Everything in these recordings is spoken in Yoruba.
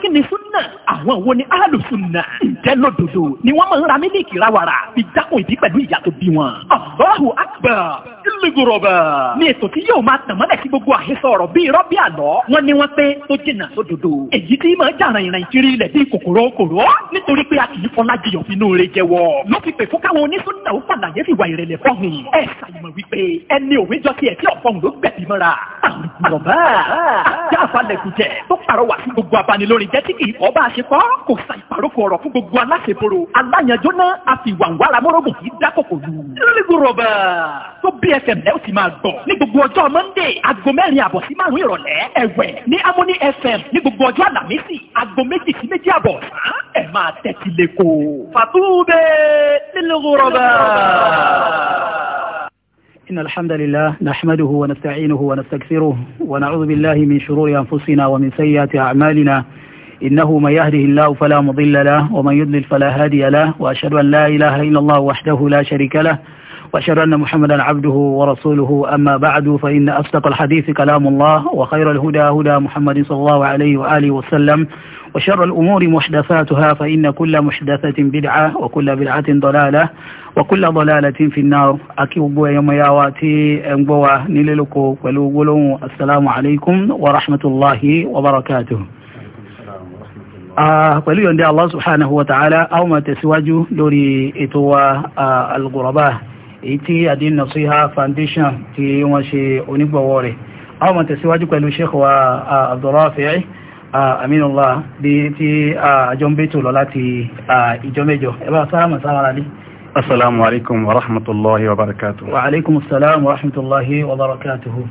kí ni súnà àwọn wo ni áàlù súnà ǹjẹ́ lódodo ni wọ́n máa ń ra mílíkì ráwàrà fi dákun ìdí pẹ̀lú ìyà bí wọn. Allahu akbar gòròbà. ní ètò tí yóò máa tàn mọ́lẹ̀ sí gbogbo àhesọ ọ̀rọ̀ bíi irọ́ bíi àlọ́ wọn ni wọ́n pé tó jìnnà sódodo. èyí tí máa jà ràn ìrìn kiri ilẹ̀ bíi kòkòrò kòrò nítorí pé a kì í fọlá jiyàn finú rẹ jẹwọ. ló fi pè fún káwọn onísúnnà ó fàlàyé fi wà ìrẹ̀lẹ̀ fọ́hùn. ẹ ṣàyẹ̀mọ̀ wípé ẹni òwe jọ tiẹ̀ tí ọ̀pọ̀ ló gbẹ̀bí mọ́ra. àrùn ó máa gbọ̀ ní gbogbo ọjọ́ aago mẹ́rin àbọ̀ sí márùn-ún ìrọ̀lẹ́ ẹ̀wẹ̀ ní fm ní gbogbo ọjọ́ àlàmísì aago méjì sí méjì àbọ̀ ẹ̀ máa nínú rọ̀bà. إن الحمد لله نحمده ونستعينه ونستكثره ونعوذ بالله من شرور أنفسنا ومن سيئات أعمالنا إنه من يهده الله فلا مضل له ومن يضلل فلا هادي له وأشهد أن لا إله إلا الله وحده لا شريك له وأشهد أن محمدا عبده ورسوله أما بعد فإن أصدق الحديث كلام الله وخير الهدى هدى محمد صلى الله عليه وآله وسلم وشر الأمور محدثاتها فإن كل محدثة بدعة وكل بدعة ضلالة وكل ضلالة في النار أكيبوا يوم ياواتي امبوا نللكو ولوغلو السلام عليكم ورحمة الله وبركاته آه، pẹ̀lú yọ̀ndẹ́ Allah subhanahu wa ta'ala a ó máa tẹ̀síwájú lórí ètò wa al آه، gurabah èyí tí adin nasiha foundation tí wọ́n ṣe onígbọ̀wọ́ rẹ̀ a máa tẹ̀síwájú pẹ̀lú sheikh wa abdulrafi'i aminullah bí tí àjọ ń bètò lọ láti ìjọ mẹ́jọ ẹ bá sáàmù sáàmù alẹ́ assalamu alaikum wa rahmatullahi wa barakatuhu wa alaikum assalam wa rahmatullahi wa barakatuhu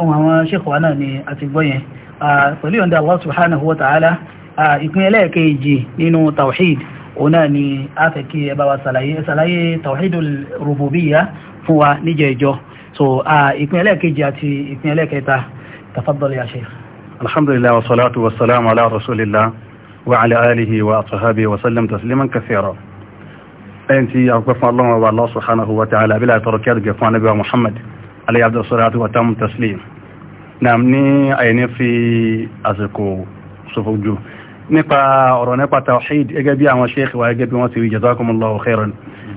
ohun àwọn sheikh wa náà ni a ti gbọ́ pẹ̀lú yọ̀ǹda allah subhanahu wa ta'ala ìpín ẹlẹ́ẹ̀kejì nínú tawhid òun náà ni a fẹ́ kí ẹ bá wa ṣàlàyé ṣàlàyé tawhidul fún wa níjẹ̀ẹ́jọ́ so ìpínlẹ̀ kejì àti ìpínlẹ̀ kẹta tafaddal ya sheikh alhamdulillah wa salatu wa salamu ala rasulillah wa ala alihi wa ashabihi wa sallam tasliman kathira ẹ̀yìn tí a gbẹ́fún ọlọ́run wa Allah subhanahu wa ta'ala bí láti tọrọkẹ́ àdùgẹ́ fún anábíwa Muhammad alayhi abdul salatu wa tamu taslim na ní àyẹ̀ní fi àsìkò sọfọ́jú nípa ọ̀rọ̀ nípa tawhid gẹ́gẹ́ bí àwọn sheikh wa gẹ́gẹ́ bí wọ́n ti rí jazakumullahu khairan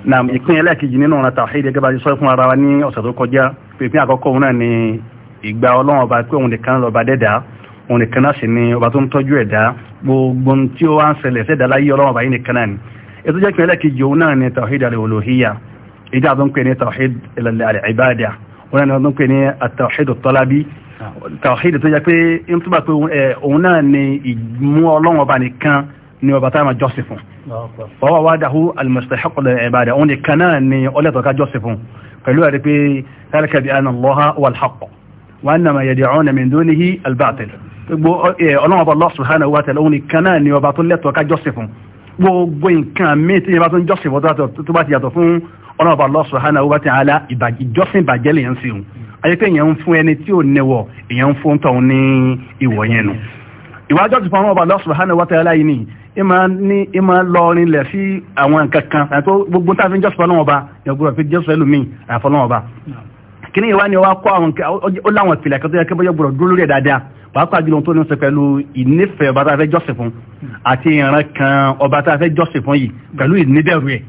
na ìpín ẹlẹ́ẹ̀kejì nínú ọ̀nà tawhid gẹ́gẹ́ bá ti sọ fún ara wa ní ọ̀sẹ̀ tó kọjá pípín àkọ́kọ́ òun náà ni ìgbà ọlọ́run ọba pé òun nìkan lọ́ba dẹ́dà òun nìkan náà sì ni ọba tó ń tọ́jú ẹ̀dá tàwáhídì tó jẹ́ pé ń túbà pé òun náà ni ìmú ọlọ́run ọba nìkan ni ọba táwọn jọ́sìn fún ọwọ́ wa dàhú al-mustahiq al-ibada òun nìkan náà ni ọlẹ́tọ̀ọ́ká jọ́sìn fún pẹ̀lú ẹ̀rí pé kálíkà bí anna Allaha wal-haqq wa anna ma yad'una min dunihi al-batil gbogbo ọlọ́run ọba Allah subhanahu wa ta'ala òun nìkan náà ni ọba tó lẹ́tọ̀ọ́ká jọ́sìn fún gbogbo nǹkan míì tí yẹn bá tó ń jọ́sìn fún ayẹ́pẹ́ èèyàn ń fún ẹni tí ò níwọ̀ èèyàn ń fún tọ̀hún ní ìwọ̀ yẹn nù ìwájọ́ ti fọwọ́n ọba Allah subhanahu wa ta'ala yìí ni ìmọ̀ lọ rinlẹ̀ sí àwọn nǹkan kan àti gbogbo tá a fi ń jọ́sọ̀ fọlọ́wọ́n ọba yọ̀gbọ́n fi jọ́sọ̀ ẹlòmíì àfọlọ́wọ́n ọba kíní ìwá ni ó wá kọ́ àwọn ó láwọn ìpìlẹ̀ kan tó yẹ kí bọ́yọ̀ gbọ́dọ̀ dúró lórí ẹ̀ dáadáa pàápàá jùlọ tó ní sọ pẹ̀lú ìnífẹ̀ẹ́ ọba tá a fẹ́ jọ́sìn fún àti ìran kan ọba tá a fẹ́ jọ́sìn fún yìí pẹ̀lú ìníbẹ̀rù ẹ̀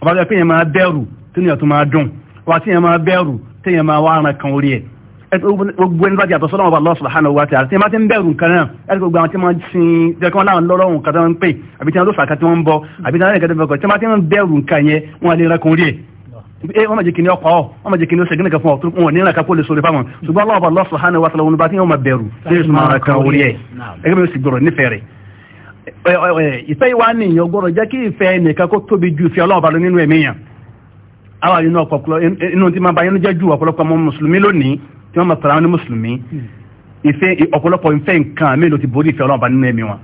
ọba tó yẹ kí yẹn máa bẹ̀rù tí yẹn tó máa dùn ọba tí yẹn máa bẹ̀rù téèyàn máa wá ran kan orí ẹ̀ gbogbo ẹni bá jàtọ̀ sọ́dọ̀ ọba Allah subhanahu wa ta'ala tí wọ́n ti ń bẹ̀rù nǹkan náà ẹni gbogbo àwọn tí wọ́n sin jẹ́kọ́ wọn láwọn lọ́rọ̀ nǹkan tí wọ́n ń pè àbí tí wọ́n ló fàkà tí wọ́n ń bọ àbí tí wọ́n lẹ́yìn kẹtẹ́fẹ́ kọ́ tí wọ́n ti ń bẹ̀rù nǹkan yẹn wọ́n lè rakun rí ẹ̀ wọ́n máa jẹ́ kí ni ọkọ̀ ọ́ wọ́n máa jẹ́ kí ni ó gínìkan fún ọ wọn ní ìrànká kó lè sọ̀rọ̀ fáwọn ṣùgbọ́n Allah Allah subhanahu wa ta'ala wọn bá tí wọ́n máa bẹ̀rù tí yóò máa kan orí ẹ̀ ẹgbẹ́ mi ó sì gbọ́rọ̀ nífẹ̀ẹ́ rẹ̀ ìfẹ́ ìwà nìyẹn gbọ́rọ̀ jẹ́ kí ìfẹ́ nìkan kó tóbi ju ìfẹ́ ọlọ́ọ̀bá lọ nínú ẹ̀mí yẹn àwọn àyínú ọ̀pọ̀pọ̀ inú tí máa bayánú jẹ́ ju ọ̀pọ̀lọpọ̀ ọmọ mùsùlùmí lónìí tí wọ́n máa pẹ̀lú àwọn mùsùlùmí ìfẹ́ ọ̀pọ̀lọpọ̀ ìfẹ́ nǹkan mélòó ti borí ìfẹ́ ọlọ́ọ̀bá nínú ẹ̀mí wọn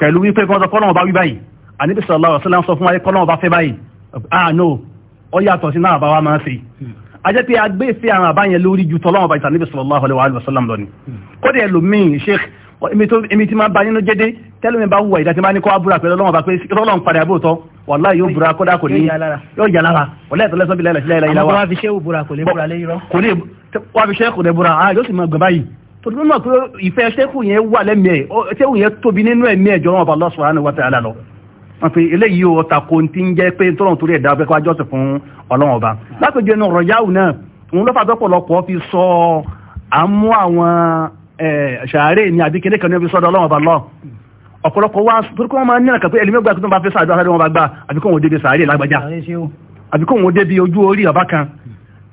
pẹ̀lú wípé kọ́ ọlọ́wọ́ bá wí báyìí àníbi sọ̀rọ̀ lọ́wọ́ sọ́lá ń sọ fún wa kọ́ ọlọ́wọ́ bá fẹ́ báyìí ah no ọ yàtọ̀ sí náà bá wa máa ṣe ajẹ́ pé agbé ìfẹ́ àwọn àbáyẹn lórí ju tọ́lọ́wọ́ bá ìtàníbi sallallahu alaihi wa sallam lọ́ni kódà ẹlòmíì sheikh èmi tí máa bá nínú jẹ́dé tẹ́lómi bá wùwà ìdájọ́ bá ní kọ́ abúrà pẹ̀lú wàlá yóò bura kódà kò ní yóò jà lára wàlá ìtọ́lẹ̀ sọ́bi lẹ́lẹ̀ sílẹ̀ ilẹ̀ wa. wọ́n fi ṣẹ́wò bura kò lè bura lé irọ́. kò ní wọ́n fi ṣẹ́kù lè bura yóò sì máa gbà báyìí tòtò mímọ̀ pé ìfẹ́ ṣẹ́kù yẹn wà lẹ́mìí ẹ̀ ṣẹ́kù yẹn tóbi nínú ẹ̀mí ẹ̀ jọ̀wọ́n ọba Allah subhanahu wa ta'ala lọ. wọ́n fi eléyìí o ta ko ti ń jẹ́ pé tọ́lọ́n torí ẹ̀dá ọbẹ̀ kó ajọ́ sí fún ọlọ́run ọba. lápèjọ inú ọ̀rọ̀ yahoo náà òun ló fàtọ́ pọ̀lọpọ̀ fi sọ àmú àwọn ṣàárẹ̀ ní àbíkẹ́lẹ́ kan ní ọbí sọ́dọ̀ ọlọ́run ọba lọ́ọ̀ ọ̀pọ̀lọpọ̀ wá torípé wọ́n máa ń ní àkàpé ẹlẹ́mẹ́gbà tó bá fẹ́ sáàdọ́ àtàrí wọn bá gbà àbíkọ́ òun débi sàárè lágbàjá àbíkọ́ òun débi ojú orí ọba kan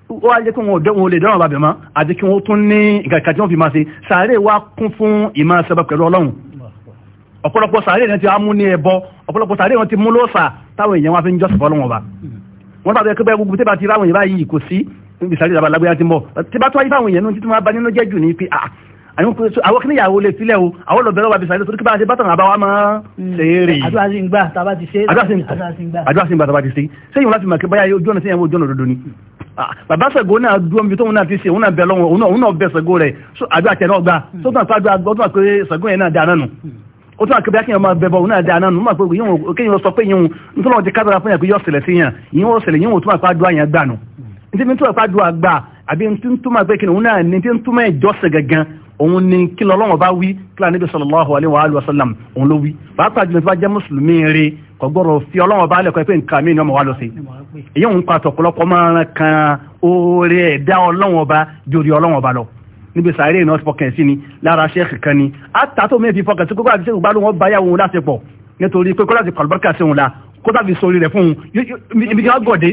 ó wá jẹ́ kí wọn lè dọ́rùn bàbẹ̀ mọ́ àti kí wọ́n tún ní ìkàkà tí wọ́n fi máa ṣe sàárè wá kún fún ìmọ̀ ṣẹbẹ pẹ̀lú ọlọ́run ọ̀pọ̀lọpọ̀ sàárè náà ti mú ní ẹbọ ọ̀pọ̀lọpọ̀ sàárè wọn ti mú lóòsà táwọn èèyàn wá fi ń jọ́sìn fọ́lọ́run ọba wọ́n tàbí ẹgbẹ́ gbogbo tí bá ti ráwọn ìbá yìí kò sí níbi sàárè ìdàbà lágbéyà ti mọ̀ tí bá tó wáyé fáwọn èèyàn nínú títí wọn bá nínú jẹ́ jù ní pé ah, àwọn kí níyàwó lè sílẹ̀ o àwọn lọ̀bẹ̀rẹ̀ wà bí sàílẹ̀ torí kí bá ṣe bátàn àbáwá máa léèrè hmm. àdúrà sí ń gbà tàbá ti ṣe ṣe yíò láti màkí báyá ojú ọ̀nà sí ẹ̀wọ̀n ojú ọ̀nà dodo ni bàbá sẹ̀gó náà dúró mi tóun náà ti ṣe òun náà bẹ lọ́wọ́ òun náà bẹ sẹ̀gó rẹ̀ àdúrà tẹ̀ náà gbà tó hmm. tàn fàdúrà gbọ́dọ̀ pé sẹ̀gó yẹn náà dáná nù hmm. ó tún àkẹ́bẹ́ kí èèyàn máa bẹ̀bọ̀ òun náà dá náà nù mọ̀ pé kéèyàn sọ pé yín nítorí wọn ti kádàrà fún yàn pé yóò ṣẹlẹ̀ sí yàn yín ó ṣẹlẹ̀ yín tún àpá àdúrà yẹn gbà nù àbí tí ń ni òun náà ní tí ń túmọ̀ òun ni kí lọ́lọ́wọ́n bá wí kí lọ́nà níbi sallallahu alaihi wa alihi wa sallam òun ló wí pàápàá jùlọ tí wọ́n jẹ́ mùsùlùmí rí kọ̀gbọ́rọ̀ fi ọlọ́wọ́n bá lẹ́kọ̀ọ́ pé nǹkan mí ni ọmọ wa lọ sí èyí òun pàtó ọ̀pọ̀lọpọ̀ máa kan oore ẹ̀dá ọlọ́wọ́n bá jórí ọlọ́wọ́n bá lọ níbi sàárè náà fọkàn sí ni lára sheikh kan ni àtàtò mi fi fọkàn sí kókó àti sèkú bá ló wọn bá yàwó wọn láti pọ̀ nítorí pé kọ́lá ti kọ̀lùbọ́kà sí òun la kódà fi sórí rẹ̀ fún un ibi tí wọ́n gọ̀dé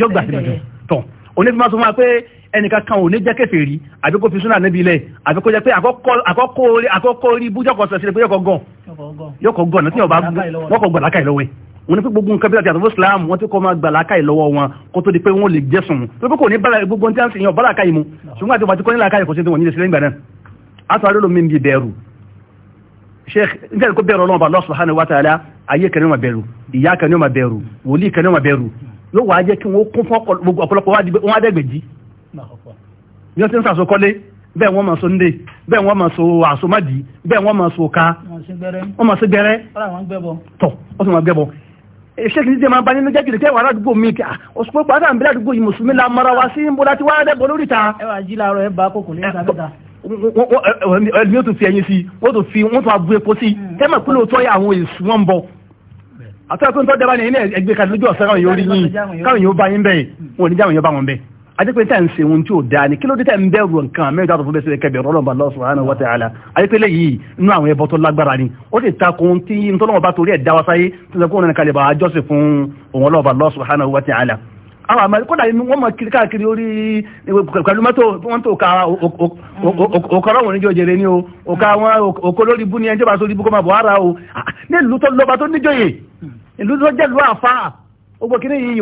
yóò ẹnìkan kan ò ní jẹ́ kẹfẹ́ rí àbí kó fi súnà níbi ilẹ̀ àbí kó jẹ́ pé àkọ́kọ́ orí ibú jọ́kọ̀ sọ sílẹ̀ pé yọkọ̀ gàn yọkọ̀ gàn náà tí wọ́n kọ̀ gbà lákàá ìlọ́wẹ̀ wọ́n ní pé gbogbo nǹkan bíi àtàwọn Islam wọ́n ti kọ́ máa gbà lákàá ìlọ́wọ́ wọn kó tó di pé wọ́n lè jẹ́sùn tó pé kò ní bára gbogbo tí a ń sèyàn bára káyìí mu ṣùgbọ́n àti wàtí kọ́ nílà káyìí kò sí ma bẹ̀rù ìyá kan ma bẹ̀rù wòlíì kan ma bẹ̀rù yóò wá jẹ́ kí wọ́n kún fún ọ̀pọ̀lọpọ̀ wọn bí wọ́n ti ń sàsokọ́lé bẹ́ẹ̀ wọ́n máa so ndé bẹ́ẹ̀ wọ́n máa so àsomádì bẹ́ẹ̀ wọ́n máa so ká wọ́n máa so gbẹrẹ tọ̀ wọ́n sì máa gbẹ́bọ. ṣé kìí ṣe máa bá nínú jẹ́kìrì kẹwàá aládùúgbò mi kà òṣùpọ̀ pàtó àmì aládùúgbò yìí mùsùlùmí la mara wa sí nbọlá tí wàá dẹ́bọ̀ lórí ta. ẹ wà jí làárọ̀ ẹ bá kókò lé ìsàbẹ̀ta ẹlòmí ó tún fi ẹyin sí wọ́n tún fi wọ́n tún abu epo sí mm. tẹ́mọ̀ pé lóòótọ́ yà àwọn èsù wọn ń bọ̀ àtúntò tó dábàá ní ẹgbẹ́ kan lójú ọ̀sán káwọn yóò rí yín ajẹ́pẹ́ tẹ́ ń ṣe ohun tí ó dáa ni kí ló dé tẹ́ ń bẹ̀rù nǹkan mẹ́rin tó fún bẹ́sẹ̀ kẹbẹ̀ rọ́lọ́mà Allah subhanahu wa ta'ala ajẹ́pẹ́ lẹ́yìn inú àwọn ẹbọ tó lágbára ni ó lè ta kun tí ntọ́lọ́wọ́ bá torí ẹ̀ dá wa sáyé tó sọ pé òun nìkan lè bá ajọ́sìn fún òun ọlọ́ọ̀bà Allah subhanahu wa ta'ala àwọn àmàlẹ́ kódà wọ́n mọ̀ kiri káàkiri orí pẹ̀lú mọ́tò wọ́n tó ka òkọ̀rọ̀ wọn níjọ́ jèrè ni o òka ni ẹjọ́ bá sórí ibú kó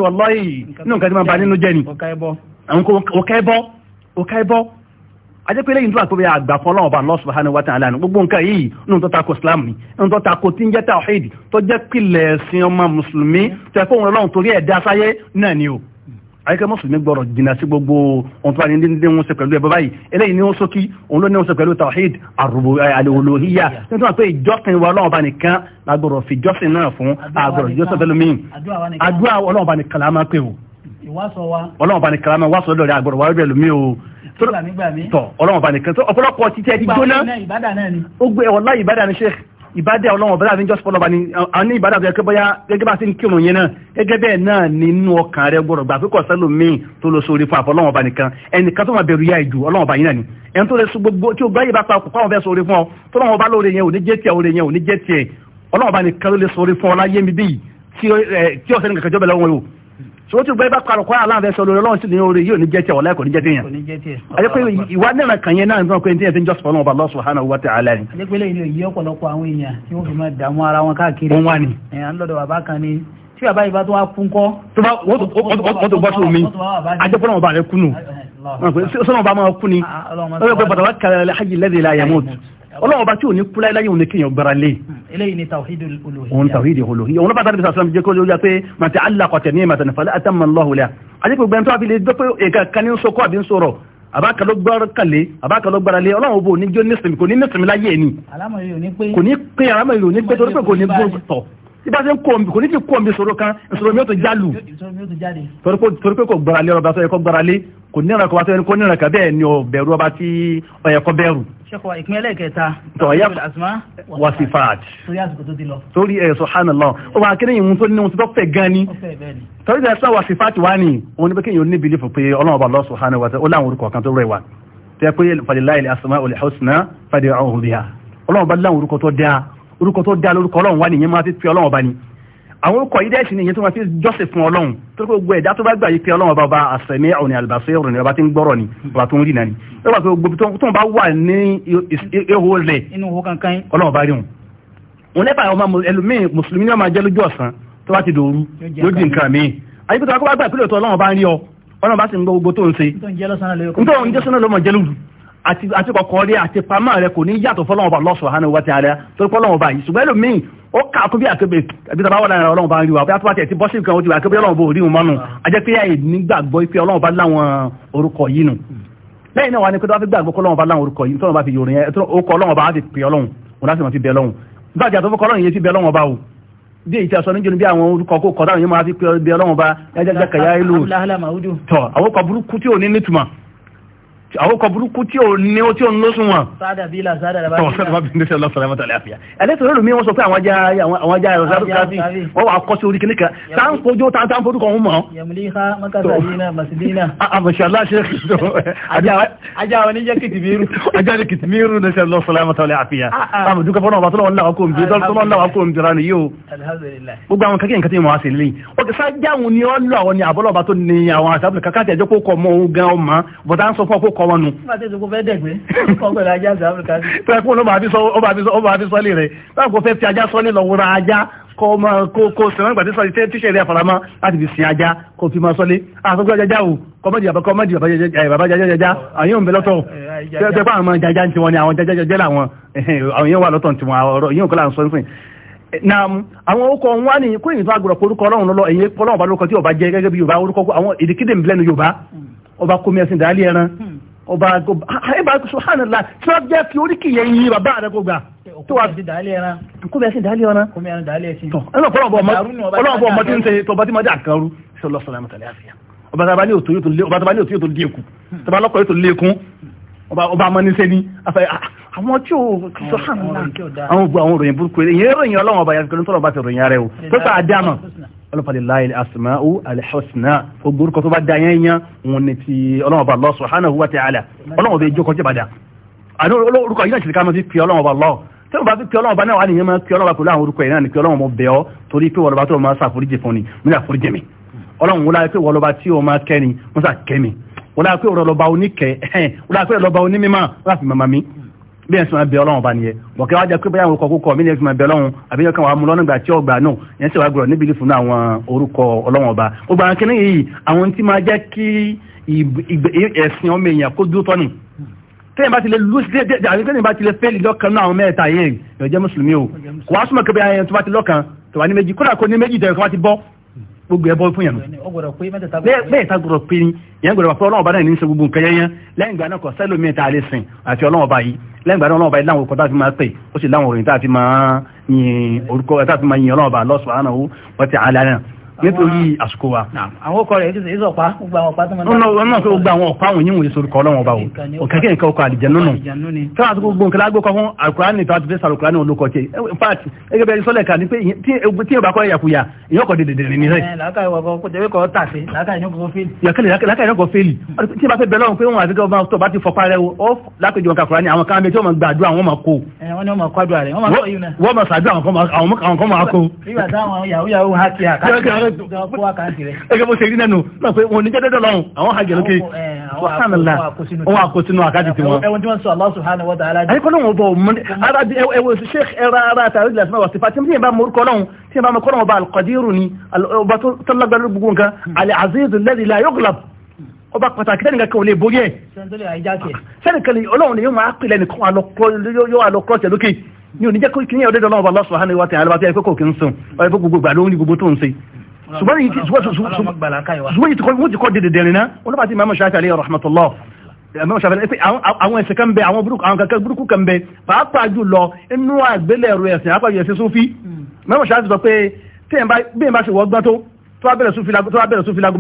wallahi nínú nǹkan tí máa ba nínú jẹ́ ni àwọn kò ọ̀kẹ́ bọ́ ọ̀kẹ́ bọ́ ajẹ́pẹ́ lẹ́yìn tó àpẹẹrẹ àgbà fọlọ́wọ́ bá Allah subhanahu wa ta'ala ní gbogbo nǹkan yìí nínú tó takò islam ni nínú tó takò tí ń jẹ́ tawhid tó jẹ́ pìlẹ̀ ẹ̀sìn ọmọ mùsùlùmí tó yẹ kó wọn lọ́run torí ẹ̀dá sáyé náà ni o ayíkẹ́ mùsùlùmí gbọ́dọ̀ jìnnà sí gbogbo ohun tó wà ní ní wọn ṣe pẹ̀lú ẹ̀ bábáyìí eléyìí ní wọn sókí òun ló ní wọn ọlọ́run bá ní kalama wá sọ lọ́rẹ̀ àgbọ̀rọ̀ wáyé bẹ̀rẹ̀ lómi o tọ ọlọ́run bá ní ọ̀pọ̀lọpọ̀ ti tẹ́ ti jóná ó gbé ọ̀la ìbádà ní sheikh ìbádà ọlọ́run ọ̀bẹ̀rẹ̀ àfi jọ́sí pọ̀lọ́ba ni a ní ìbádà bẹ́ẹ̀ kébọ́yá gẹ́gẹ́ bá ti ń kírun yẹn náà gẹ́gẹ́ bẹ́ẹ̀ náà nínú ọkàn rẹ gbọ́dọ̀ gbà pé kò sẹ́lò míì tó lọ sórí fún àfọ ọlọ́run ọba nìkan ẹnìkan tó máa bẹ̀rù ya ìjù ọlọ́run ọba yìí náà ni ẹni tó lè sọ gbogbo tí o gbáyé bá pa ọkọ̀ káwọn fẹ́ sórí fún ọ tó lọ́wọ́ ọba lóore yẹn ò ní jẹ́ tiẹ̀ òre yẹn ò ní jẹ́ tiẹ̀ ọlọ́run ọba nìkan so tí o gbẹ́ bá parọ̀ kọ́ aláǹfẹ́ sọ lórí ọlọ́run sí ní orí yóò ní jẹ́ tiẹ̀ wọ̀lẹ́ kò ní jẹ́ tiẹ̀ ayé pé ìwà náà kàn yẹn náà nǹkan pé ní ẹ̀sìn jọ́sìn fọlọ́n ọba Allah subhanahu wa ta'ala ni. lẹ́gbẹ̀lẹ́ ilé yìí ọ̀pọ̀lọpọ̀ àwọn èèyàn tí wọ́n fi máa dààmú ara wọn káàkiri. wọ́n wà ní. ẹ̀ à ń lọ́dọ̀ bàbá kan ni tí bàbá yìí bá tó wá kún kọ́. tó bá wọ́n tó gbọ́ sí omi ajẹ́pọ̀lọ́ ọba rẹ̀ kúnnù sọ́nà ọba máa kú ni ọlọ́pẹ́ pàtàkì kàlẹ́ alẹ́ hajj lẹ́dẹ̀ẹ́ la yamut ọlọ́run ọba tí ò ní kú láyéláyé òun ni kéèyàn gbára lé. eléyìí ni tawhid olóhìí. òun tawhid olóhìí òun ló bá tàbí sàṣọ jẹ́ kó ló yá pé màtí alákọ̀tẹ̀ ní màtí nàfàlẹ́ àtàmà lọ́hùlẹ̀ àti pé gbẹ̀ntọ́ àfi lè gbọ́ pé èka kan ní sọkọ́ àbí ń sọ̀rọ̀ àbákaló gbáralé àbákaló gbáralé ọlọ́run ọba òní jó nísìmí kò ní nísìmí láyé ni. kò ní pé alámọ̀ yìí ò ní pé torí pé kò ní gbó tọ̀ tí bá ṣe ń kó omi kò ní ti kó omi ìṣòro kan ìṣòro mi ó tó jálù torí pé kò gbára lé ọba tó yẹ kó gbára lé kò ní ìrànkọ́ tó yẹ kó ní ìrànkọ́ bẹ́ẹ̀ ni ò bẹ̀rù ọba tí ó yẹ kó bẹ̀rù. ṣẹ́kọ̀ ìpínlẹ̀ kẹta tọ́yà wàsífàt torí ẹ̀ eh, subhanallah ó wà kéde ìhun tó ní ohun tó fẹ́ gan ni torí ẹ̀ sọ wàsífàt wá ní òun ni pé kéèyàn ní bìlífù pé ọlọ́run ọba lọ́ subhanahu wa ta'ala ó láwọn orúkọ kan tó rẹwà tẹ́ pé falillahi al-asma'ul husna fad'uhu biha ọlọ́run ọba láwọn orúkọ orúkọ tó dá lórúkọ ọlọ́run wá nìyẹn máa fi pe ọlọ́run ọba ni àwọn orúkọ yìí dẹ́sì nìyẹn tó máa fi jọ́sìn fún ọlọ́run tó kó gbogbo ẹ̀dá tó bá gbà yìí pé ọlọ́run ọba ọba àsẹ̀mí ọ̀nì àlùbáṣẹ́ ọ̀rùn ọba tí ń gbọ́rọ̀ ni ọba tó ń rìnà ni ó bá tó gbogbo tó ń bá wà ní ihò rẹ̀ ọlọ́run ọba ríhun òun lẹ́bàá ọmọ ẹlòmíì mùsùlùmí ni wọ́n máa jẹ́ lójú ọ̀sán tó bá ti dòru lójú nǹkan míì àyíkú tó bá gbà pílò tó ọlọ́run ọba ń rí ọ ọlọ́run bá sì ń gbọ́ gbogbo tó ń ṣe nítorí òun jẹ́ sọ́nà ló jẹ́ lóru àti kọ̀kọ́ rí àti pamọ́ rẹ kò ní yàtọ̀ fọlọ́wọ́n bá lọ́sọ̀ hánà wá ti àrẹ torí fọlọ́wọ́n bá yìí ṣùgbọ́n ẹlòmíì ó kà tó bí àkébè ẹbí tàbá wà lára ọlọ́run bá ń rí wa bí àtúbàtì ẹ̀tí bọ́sì kan ojú àkébè ọlọ́run bó rí wọn mọ́nu ajẹ́ pé àyè nígbàgbọ́ pé ọlọ́run bá láwọn orúkọ yìí nù lẹ́yìn náà wà ní pé tó bá fi gbàgbọ́ kọ́ ọlọ́run bá láwọn orúkọ yìí tó bá fi yòrò yẹn tó kọ́ ọlọ́run bá ti pè o bí èyí tí a sọ níjọ́ ní bí àwọn orúkọ kó kọ́ dáhùn yẹn máa fi pè ọlọ́run bá yájájá kẹyà ìlú tọ́ àwọn kọ burúkú tí ò ní nítumọ̀ àwòkọ burúkú tí ò ní ó tí ò ń lóṣùn wọn. sáadà bí la sáadà la bá bí la. sáadà bí ndéṣẹ́ lọ́sọ̀rọ̀ ẹ̀mọ́ta lẹ́àfíà. ẹlẹ́sìn olóòlù mi wọ́n sọ pé àwọn ajá àwọn ajá ẹ̀rọ sáré káfí wọ́n wà kọ́ sí orí kìnnìkà táwọn kojú táwọn forúkọ ọ̀hún mọ̀. yamliha makasadina masidina. àmàṣàlá ṣe kìtìmí. ajá wọn ní jẹ́ kìtìmí rú. ajá ní kìtìmí rú ndéṣẹ́ lọ́sọ̀rọ̀ ẹ̀mọ́ta lẹ́àfíà. àmọ̀ dúkẹ́ fọ́nà ọ̀bà tó lọ́wọ́ ńláwà kó ń bí tọ́lọ́ ńláwà kó ń jira nìyí o. gbogbo àwọn kankan nǹkan kọ́ wọn nu. nígbà tí èso kò fẹ́ dẹ̀gbẹ́ kọ́ pẹ̀lú ajá sí áfíríkà sí. pẹ̀lú kó ló máa fi sọ́lé rẹ̀ báwo kò fẹ́ fi ajá sọ́lé lọ wúra ajá kọ́ ọmọ kó sẹ̀wọ́n ìgbà tí sọ́lé tí tíṣẹ̀ rẹ̀ faramọ́ láti fi sin ajá kó fi máa sọ́lé. àtúntò jaja o kọ́mọ́dì kọ́mọ́dì bàbá jaja jaja àwọn yóò ń bẹ lọ́tọ̀ tẹ́ pé àwọn jaja ń tiwọn ni àwọn jaja jaja làwọn àwọn yóò wà lọ́tọ̀ tiwọn ọ̀rọ̀ yóò kọ́ là ń sọ nísìnyí na àwọn orúkọ wọn wá ní kó ìyìn tó àgbọ̀rọ̀ pé orúkọ ọlọ́run lọ́lọ́ ẹ̀yìn pọ́lọ́wọ́ bá lórúkọ tí ọba jẹ́ gẹ́gẹ́ bí yorùbá orúkọ àwọn èdèkédè ń bílẹ̀nu yorùbá ọba kó mi ẹ̀sìn ẹran ọba àgọ́ ẹ̀bà subhanallah tí wọ́n jẹ́ fi oríkì yẹn yí bàbá rẹ̀ kó gbà tó wà sí dàálẹ̀ ẹran kó bẹ́ẹ̀ sí dàálẹ̀ ẹran kó mẹ́rin dàálẹ̀ ẹ̀sìn tọ́ ẹ̀nà ọ̀pọ̀lọpọ̀ ọmọ tí ń ṣe tọba tí máa dé àkàrú sọlọ sọlọ mọ̀tàlẹ́ àfíà ọba tàbá ní òtò yóò tó lékun tàbá lọ́kọ̀ yóò tó lékun ọba amọ́nisẹ́ ní afẹ́ ah, àwọn tí ó sọ́hàn náà àwọn òròyìn burúkú èyí ròyìn ọlọ́wọ́n ọba yàtọ̀ lọ́wọ́ ọba ti ròyìn ara ẹ̀ o ọlọ́pàá ní asma'u alhusna gbogbo orúkọ tó bá dá yẹn yẹn wọn ni ti ọlọ́mọba Allah subhanahu wa ta'ala ọlọ́mọba ìjọ kọjá bàdà àti orúkọ yìí náà ṣe ká máa fi pè ọlọ́mọba Allah tí wọ́n bá fi pè ọlọ́mọba náà wà nìyẹn máa pè ọlọ́mọba pẹ̀lú àwọn orúkọ yìí náà ni pè ọlọ́mọba bẹ̀ ọ́ torí pé wọ́lọ́ba tó máa ṣàforíjì fún ni mo ní àforíjì mi ọlọ́run wọlá pé wọ́lọ́ba tí o máa kẹ́ni mo sà kẹ́mi wọlá pé wọ́lọ́ba oníkẹ́ wọlá pé wọ́lọ́ba onímímà wọ́lá fi màmá mi bí ẹ̀sìn máa bẹ ọlọ́run bá nìyẹn bọ̀kẹ́ wá jẹ́ pé báyà orúkọ kúkọ mí ni ẹ̀sìn máa bẹ ọlọ́run àbí yọkàn wà mú lọ́nà ìgbà tí ọgbà náà yẹn sì wá gbọ́dọ̀ níbi ìlú fún àwọn orúkọ ọlọ́run ọba gbogbo àwọn kìnìún yìí àwọn tí máa jẹ́ kí ẹ̀sìn ọmọ èèyàn kó dúró tọ́nù tẹ́yìn bá ti lè lùsí tẹ́yìn bá ti lè fẹ́ẹ̀lì lọ́kàn náà àwọn mẹ́ta yẹn yóò jẹ́ mùsùlùmí o kò wá súnmọ́ kébé ayẹyẹ tó bá ti wà fún yàrá ọba náà ní í gbogbo nǹkan yẹn yẹn lẹ́yìn ìgbà náà kọ sẹ́lómi ẹ̀ta àlẹ́ sìn àti ọlọ́run ọba yìí lẹ́yìn ìgbàdàn ọlọ́ọ̀bá ilé àwọn orúkọ táti máa pè ó sì láwọn òròyìn táti máa yin orúkọ táti máa yin ọlọ́ọ̀bá Allah subhanahu wa ta'ala náà nítorí àsìkò wa. àwọn ọkọ rẹ̀ ètò ìsọ̀pá gbogbo àwọn ọ̀pá tó máa ń dáná. ọ̀nà tó gba àwọn ọ̀pá àwọn yìnyín èso kọ́ lọ́wọ́ bá o òkèké nǹkan ọkọ̀ àlìjẹ̀nú nù. tí wọ́n ti gbogbo nǹkan lágbó kọ́ fún alukurani tó a ti fẹ́ sàlùkurani olókọ̀ tiẹ̀ fat ẹgbẹ́ bẹ́ẹ̀ sọ́lẹ̀ kan ní pé tí ẹ bá kọ́ ẹ̀yàkuyà ìyẹn ọkọ̀ dèdè dèdè nìyẹn. lákàyè ọkọ̀ fẹ́ẹ̀lì tí ẹ bá fẹ́ bẹ́ẹ̀ lọ́run pé wọn àti ọba tó bá ti fọpá rẹ o lápèjọ nǹkan kùránì àwọn kan bẹ tí wọn gba àdúrà wọn máa kó. wọn ni wọn máa kọ́ àdúrà rẹ wọn máa sọ yìí náà. wọn máa sàdúrà àwọn kan máa kó. nígbà táwọn yahoo yahoo hákìá káàkiri dùn. ẹgbẹ́ bó ṣe rí nẹ́nu náà pé wọn ò ní jẹ́ dẹ́dọ̀ lọ́hùn àwọn àjẹ́ lókè wàhánàlá wọn àkótínú àkájì tiwọn. ẹwọn tí wọn sọ Allah subhanahu wa ta'ala. àyíkọ́ náà wọn bọ̀ ọmọdé ara ẹwọ sheikh ẹra ara àtàrí ìlàsí náà wà sí fatim tíyẹn bá mọ orúkọ náà tíyẹn bá mọ kọ́ náà ọba alqadiru ni ọba tó lágbára gbogbo nǹkan hmm. al-aziz alladhi la yughlab hmm. ọba pàtàkì sẹ́nìkan kan ò lè borí ẹ̀. sẹ́nìkan ni ọlọ́run ni yóò máa pè lẹ́nu kan yóò àlọ́kọ́ tẹ̀ lókè ní oníjẹ́ kí ní ọdẹ́dọ́ ọlọ́run ọba Allah subhanahu wa ta'ala àlọ́ ṣùgbọ́n yìí ti wọ́n ti kọ́ dédé dẹ̀rin náà olóbá ti Imam Shafi'i alayhi rahmatullah Imam Shafi'i pé àwọn ẹ̀sẹ̀ kan bẹ àwọn burúkú àwọn kankan burúkú kan bẹ pàápàá jù lọ inú àgbélẹ̀rọ ẹ̀sìn àpàjù ẹ̀sìn Sufi Imam Shafi'i sọ pé bẹ́ẹ̀ bá ṣe wọ́ gbọ́n tó tó wá bẹ̀rẹ̀ Sufi lago tó wá bẹ̀rẹ̀ Sufi lago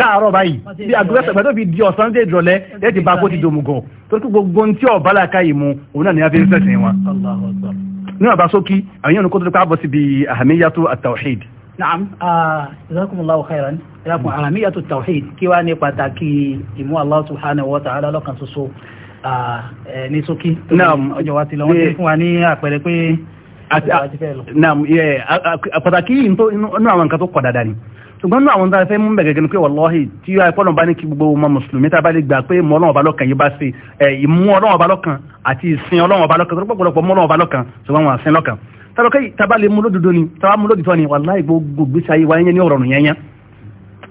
láàárọ̀ báyìí bí agbẹ́sẹ̀ pẹ̀lú fi di ọ̀sán dé ìdrọ̀lẹ́ ẹ̀ ti bá kó ti dòmùgọ̀ tó tún gbogbo ohun tí ọ̀bá làkàyè mu òun náà ni a fi ń sẹ̀sìn wọn. níwọ̀n bá sókí àwọn yẹn ní kó tó tó ká síbi àhàmíyàtò àtàwọ̀hídì نعم ah, jazakumullahu khairan ẹ̀dàkùn ahamiyatu tawhid kí wá ní pàtàkì ìmú Allah subhanahu wa ta'ala lọ́kan ṣoṣo ah, eh, ní sókí ọjọ́ wa ti lọ wọ́n ti fún wa ní àpẹẹrẹ pé pàtàkì yìí nínú àwọn nǹkan tó kọ̀ dáadáa ni ṣùgbọ́n nínú àwọn tàbí mú bẹ̀gẹ̀gẹ̀ ni pé wọ́lọ́hì tí ẹ̀pọ́lọ̀ bá ní kí gbogbo ọmọ mùsùlùmí tá a bá lè gbà pé mọ ọlọ́run ọba lọ́kan yìí bá ṣe eh, ìmú ọlọ́run ọba àti ìsìn ọlọ́run ọba tó tàbí tàbá lè mú lódòdó ni tàbá mú lódòdó ni wàláhì gbogbo gbèsè ayé wa yẹn ní ọ̀rọ̀ nìyẹn yẹn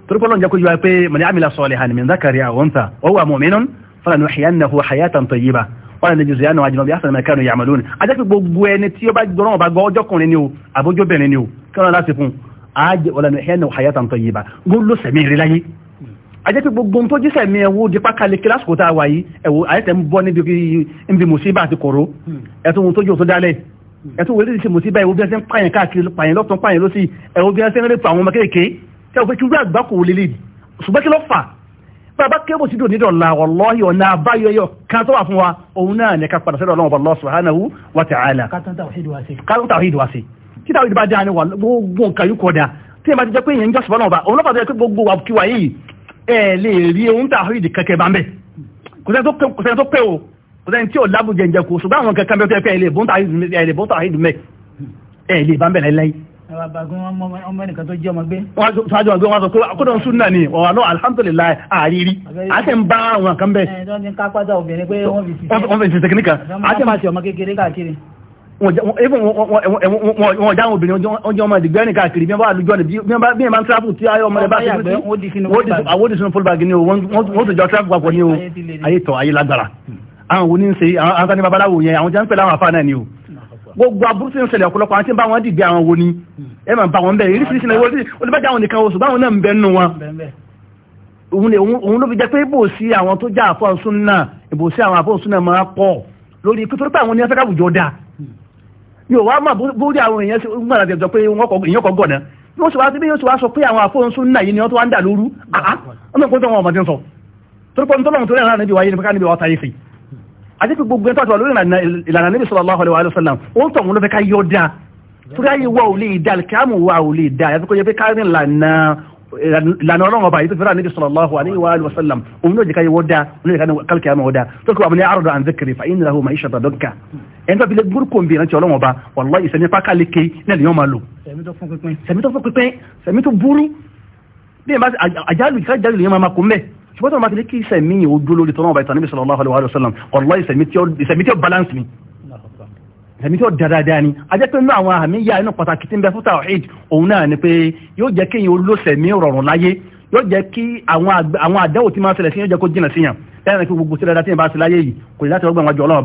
torí lọ́njẹ́ kó yíwa pé man amila salihan min dhakarin aw untha wa wa lanajziyannahu ajrahum bi ahsani ma kanu ya'malun ajẹ́ pé gbogbo ẹni tí ó bá gbọ́rọ̀ ọba gbọ́ ọjọ́kùnrin ni o àbójóbìnrin ni o kí wọ́n láti fún ajẹ́ wa lanuhyiyannahu hayatan tayyibah gbóló sẹ̀mí rí láyé ajẹ́ pé gbogbo tó jísẹ̀ mi ẹ̀wọ́ di pákàlẹ̀ kí lásìkò tá a wà musiba àti kòró ẹ̀tún tó ẹ̀tún wòlé ti ṣe mọ̀ sí báyìí obìnrin ṣe ń pààyàn káàkiri pààyàn lọ́tún pààyàn lọ́sí ẹ̀rọ obìnrin ṣe ń rẹ́pọ̀ àwọn ọmọ kéèké tẹ́ òfin kíwúrú àgbà kò wọlé léyìí ṣùgbọ́n kí ló fà bàbá kébù sí dòní dọ̀la wallahi ọ̀nà àbáyọ yọ kan tó wà fún wa òun náà ní ká padà Allah subhanahu wa ta'ala ká tún tawhid wá sí tí tawhid bá dáa ni wà gbogbo nǹkan yìí kọ̀dà tí èèyàn bá ti jẹ́ pé èèyàn ń jọ́ sọ̀rọ̀ ọba òun lọ́pàá tó yẹ pé gbogbo wa kí wa yìí ẹ̀ lè rí ohun tawhid kẹ̀kẹ́ bá kò sẹ́ni tí ò lábù jẹ̀ǹjẹ̀ kò ṣùgbọ́n àwọn kankan bẹ́ẹ̀ fẹ́ ilé bóńtà ilé bóńtà ìlú mẹ́ ẹ̀ ilé bá ń bẹ̀rẹ̀ lẹ́yìn. ọmọ ẹnìkan tó jẹ́ ọmọ gbé. wọ́n á jọ ọgbẹ́ wọn sọ pé kódà ń súnà ni ọ̀rọ̀ náà alihamudulilayi àrírí a ti ń bá àwọn kan bẹ́ẹ̀. ẹ̀ lọ́ni kápátá obìnrin pé wọ́n fi ṣiṣẹ́ kìnnìkan. wọ́n jáwọn obìnrin ọjọ́ ọmọ ìdìgbẹ́ ní káàkiri bí wọ́n bá lójú ọ̀nà bí wọ́n bá ń tíráfù tí ayé ọmọ rẹ̀ bá ti wọ́n ti sínú fúlbàgì ni wọ́n tó jọ tíráfù papọ̀ ni o ayé tọ̀ ayé àwọn òní ń ṣe àwọn sani babaláwo yẹn àwọn jẹ́ ń pẹ̀lú àwọn àfáà náà ni o gbogbo aburú sí ń ṣẹlẹ̀ ọ̀pọ̀lọpọ̀ àwọn tí ń bá wọn dìgbé àwọn wo ni ẹ máa bá wọn bẹ́ẹ̀ irisirisi náà olùbẹ́jà àwọn nìkan oṣù báwọn náà ń bẹ nù wọn òun ló fi jẹ́ pé ibò sí àwọn tó já àfọ́ súnà ibò sí àwọn àfọ́ súnà máa pọ̀ lórí ikú torípé àwọn ní afẹ́ká àwùjọ dà yóò wá mà bórí àwọn èèyàn sí gbọ́nà àjẹjọ pé èèyàn kọ gọ̀nà bí sì wá sí bí yóò sì àti pé gbogbo ẹ̀tọ́ àtìwà lórí ìlànà níbi sallallahu alaihi wasallam ó ń tọ̀wọ́n ló fẹ́ ká yọ dáa tó ká yíwọ́ ò lè dáa kíámù wa ò lè dáa yàtọ̀ kó yẹ pé ká rí ìlànà ọlọ́run ọba yìí tó fẹ́ràn níbi sallallahu alaihi wasallam òun ló jẹ́ ká yíwọ́ dáa òun ló jẹ́ ká kálkì àmọ́ dáa tó kí wà ní àròdọ̀ à ń zikiri fa inna lahu ma'ishatan ẹni tó fi lè gbórúkọ nbí ìrántí ọlọ́run ọba wallahi ìsẹ̀mí pákà lè ké náà lèyàn máa lò sẹ̀mí tó fún pínpín sẹ̀mí tó burú bí ẹ̀ bá àjálù ìkájálù lèyàn máa máa kó mẹ́ ṣùgbọ́n tó bá ti lé kí ìṣẹ̀mí ojú lórí tọ́nà ọba ìtànàbí sallallahu alaihi wa sallam wallahi ìṣẹ̀mí tí ó balance mi ìṣẹ̀mí tí ó dáadáa ni a jẹ́ pé inú àwọn àmì ya inú pàtàkì tí ń bẹ fún tawhid òun náà ni pé yóò jẹ́ kí olóṣẹ̀mí rọrùn láyé yóò jẹ́ kí àwọn àdáwò tí máa ṣẹlẹ̀ sí yóò jẹ́ kó jìnà síyàn lẹ́yìn kí gbogbo sílẹ̀ tí ń bá ṣe láyé yìí kò ní láti ọgbà wọn jọ ọlọ́run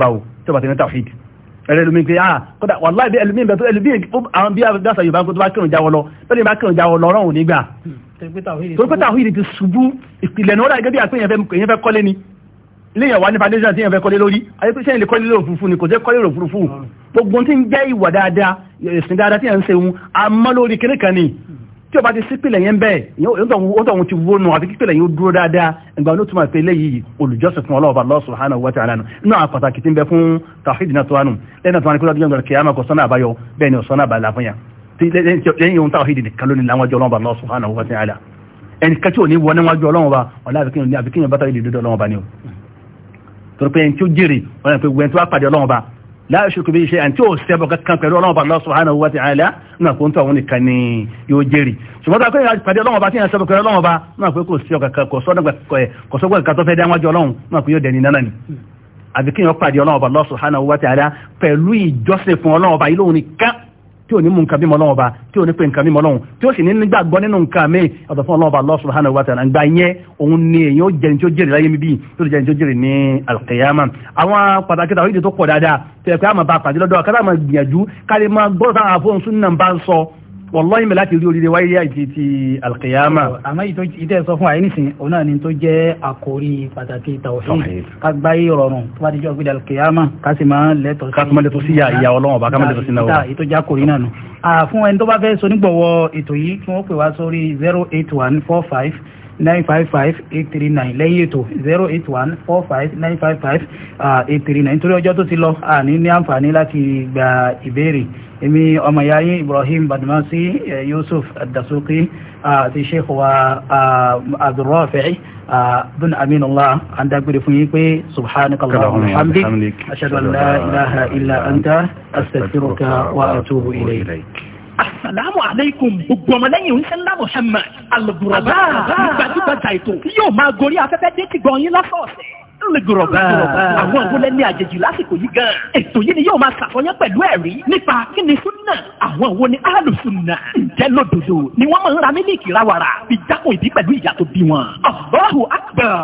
ọba o tí tó pé tàwíìdì ti ṣubú ìpìlẹ̀ ní ó dàgẹ́ bí àpé èèyàn fẹ́ kọ́lé ni léèyàn wà ní foundation tí èèyàn fẹ́ kọ́lé lórí ayé pé sẹ́yìn lè kọ́lé lórí òfurufú ni kò jẹ́ kọ́lé lórí òfurufú gbogbo tí ń jẹ́ ìwà dáadáa ẹ̀sìn dáadáa tí èèyàn ń ṣe wọn àmọ́ lórí kéré kan ni tí o bá ti sí pìlẹ̀ yẹn bẹ́ẹ̀ yóò tọ̀hún ti wónú àfi kí pìlẹ̀ yóò dúró dáadáa ìgbà ló túmọ̀ pé léyìí olùjọ́sìn fún ọlọ́ọ̀bà Allah subhanahu wa ta'ala nù inú àwọn pàtàkì tí ń bẹ fún tàfíìdì náà tó wà nù lẹ́yìn náà tó wà ní kí lọ́dún yẹn gbọ́dọ̀ kí á máa kọ sọ́nà àbáyọ bẹ́ẹ̀ ni ọ̀sán náà bá la fún yà lẹ́yìn ohun táwọn ìdìdì kan lónìí láwọn ọjọ́ ọlọ́run bá Allah subhanahu wa ta'ala ẹni kẹ́tí ò ní wọ níwájú ọlọ́run bá ọ̀lá àbíkíyàn ní àbíkíyàn bá tàbí dídọ́dọ́ ọlọ́run bá ní o torí pé ẹni tí ó jèrè ọ̀rẹ́ pé gbẹ̀ntí wá pàdé ọlọ́run bá la yushriku bihi shay'an ẹni tí ó sẹ́bọ̀ kankan pẹ̀lú ọlọ́run bá Allah subhanahu wa ta'ala náà kó ń tọ́ àwọn nìkan ni yóò jèrè ṣùgbọ́n tó àpẹẹrẹ pàdé ọlọ́run bá tí yẹn sẹ́bọ̀ pẹ̀lú ọlọ́run bá náà pé kò sí ọ̀kankan kò sọ́gbọ̀n nǹkan tó fẹ́ dá wájú ọlọ́run náà pé yóò dẹni náà ni àbíkíyàn pàdé ọlọ́run bá Allah subhanahu wa ta'ala pẹ̀lú ìjọsìn fún ọlọ́run bá ilé òun nìkan tí ò ní mú nǹkan mímọ́ lọ́wọ́ ba tí ò ní pe nǹkan mímọ́ lọ́wọ́ tí ó sì ní gbàgbọ́ nínú nǹkan mi ọ̀dọ̀ fún ọlọ́wọ́ ba Allah subhanahu wa ta'ala gba yẹn òun ni èyàn ó jẹni tí ó jèrè láyé mi bí tó jẹni tí ó jèrè ní alqiyama àwọn pàtàkì tàwọn ìdè tó pọ̀ dáadáa tẹ̀ pé àmọ̀ bá pàdé lọ́dọ̀ kárí àmọ̀ gbìyànjú kárí máa gbọ́dọ̀ táwọn afọ́nsún náà bá ń sọ wọ́lọ́yìn bẹ̀ láti rí oríire wáyé àti ti alkiyama. àmọ́ ìtò ìtẹ́ sọ fún àyè nìsín òun náà ni tó jẹ́ àkórí pàtàkì tawhid ká gbá yé rọrùn tó bá ti jọ gbé alkiyama ká sì máa lẹ́tọ̀ sí. ká sì máa lẹ́tọ̀ sí ìyá ọlọ́wọ́n bá ká máa lẹ́tọ̀ sí náà. ìta ìtọ́jà àkórí náà nù. fún ẹni tó bá fẹ́ sọ ètò yìí kí wọ́n pè wá sórí zero eight one four five nine five five eight three nine lẹ́yìn ètò zero eight one four five nine five five eight three nine nítorí ọjọ́ tó ti lọ àní ní àǹfààní láti gba ìbéèrè èmi ọmọ ìyá yín Ibrahim Badmasi Yusuf Dasuki àti sheikh wa Abdulrafi bin Aminullah à ń dágbére fún yín pé subhanakallah alhamdulilayi ashadu an la ilaha illa anta astaghfiruka wa atubu ilayk asalaamu aleykum gbogbo ọmọlẹ́yìn oníṣẹ́lá Muhammad aluguraba gbajúgbajà ètò yóò máa gorí afẹ́fẹ́ dé ti gbọ̀nyín lọ́sọ̀ọ̀sẹ̀ ńlẹgọrọgà àwọn àgbọlẹ ní àjèjì lásìkò yìí gan. ètò yìí ni yóò máa ṣàfọyán pẹ̀lú ẹ̀rí nípa kíni súnà àwọn wo ni alùsùnà ǹjẹ́ lódodo ni wọ́n máa ń ra mílíkì ráwàrà fi jákun ìdí pẹ̀lú ìyá tó bí wọn. Allahu akbar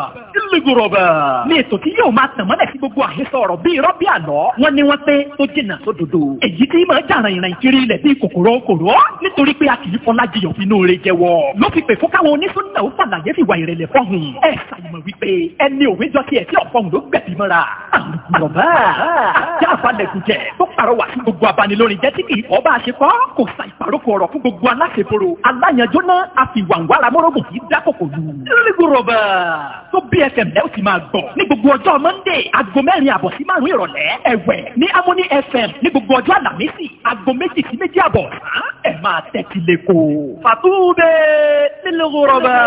ńlẹgọrọgà ní ètò tí yóò máa tàn mọ́lẹ̀ sí gbogbo àhesọ ọ̀rọ̀ bí irọ́ àlọ́ wọ́n ní wọ́n pé tó jìnnà sódodo èyí tí máa jàrán ìrìn kiri ilẹ̀ bí kòkòrò kòrò nítorí pé a kì í fọlá jiyàn fínú rẹ jẹwọ ló fi pè fún káwọn onísúnà ó fàlàyé fìwà ìrẹ̀lẹ̀ fọ́hùn ẹ̀ kí ọ̀pọ̀ òǹdó gbẹ̀bí mọ́ra. àrùbá àti àfàlẹ̀kùjẹ tó pàrọwà fún gbogbo abanilórin jẹ́ tí kì í kọ́ bá a ṣe kọ́. kò sa ìpàrókò ọ̀rọ̀ fún gbogbo aláṣeporo aláyanjó náà àfiwàǹwàrà mọ́rọ́gùn kì í dákòkò lù. lórígun rọ̀bà tó bí ẹsẹ̀ mẹ́ ó sì máa gbọ̀. ní gbogbo ọjọ́ mọ́ndé aago mẹ́rin àbọ̀ sí márùn-ún ìrọ̀lẹ́ ẹ̀wẹ̀ ní amóní fm ní gbogbo ọjọ́ àlàmísì aago méjì sí méjì àbọ̀ ẹ máa tẹ́tí lẹ́kọ̀ọ́. fàtúbẹ̀ nílùú rọ̀bà.